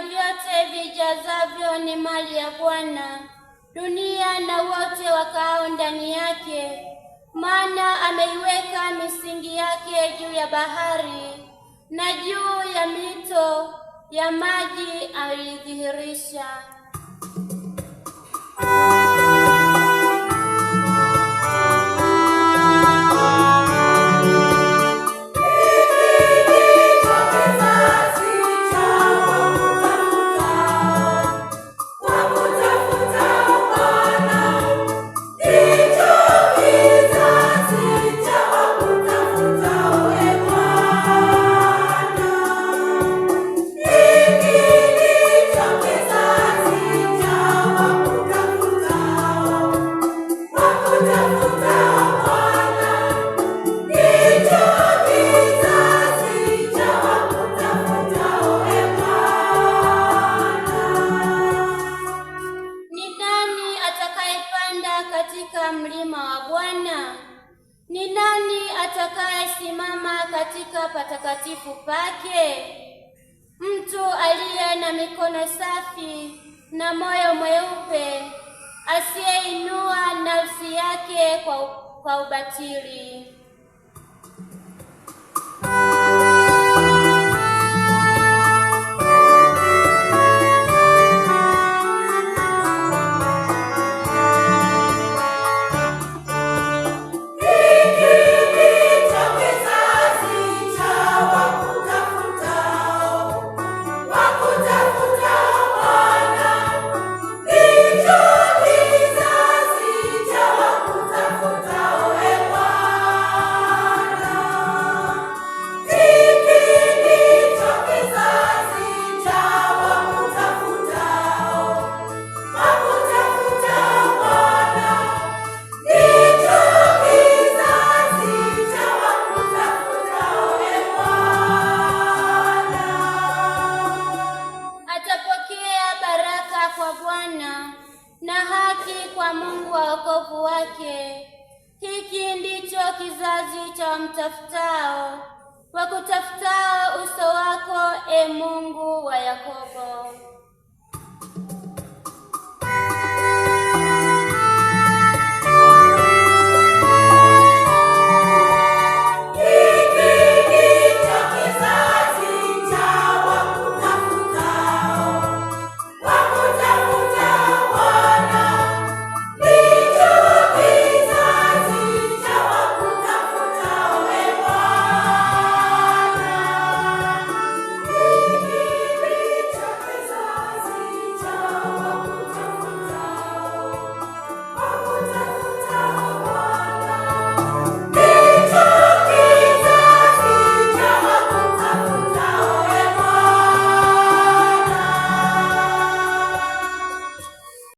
vyote vijazavyo ni mali ya Bwana, dunia na wote wakao ndani yake. Maana ameiweka misingi yake juu ya bahari, na juu ya mito ya maji alidhihirisha wema wa Bwana? Ni nani atakayesimama katika patakatifu pake? Mtu aliye na mikono safi na moyo mweupe, asiyeinua nafsi yake kwa, kwa ubatili. wake. Hiki ndicho kizazi cha wamtafutao, wakutafutao uso wako, e Mungu wa Yakobo.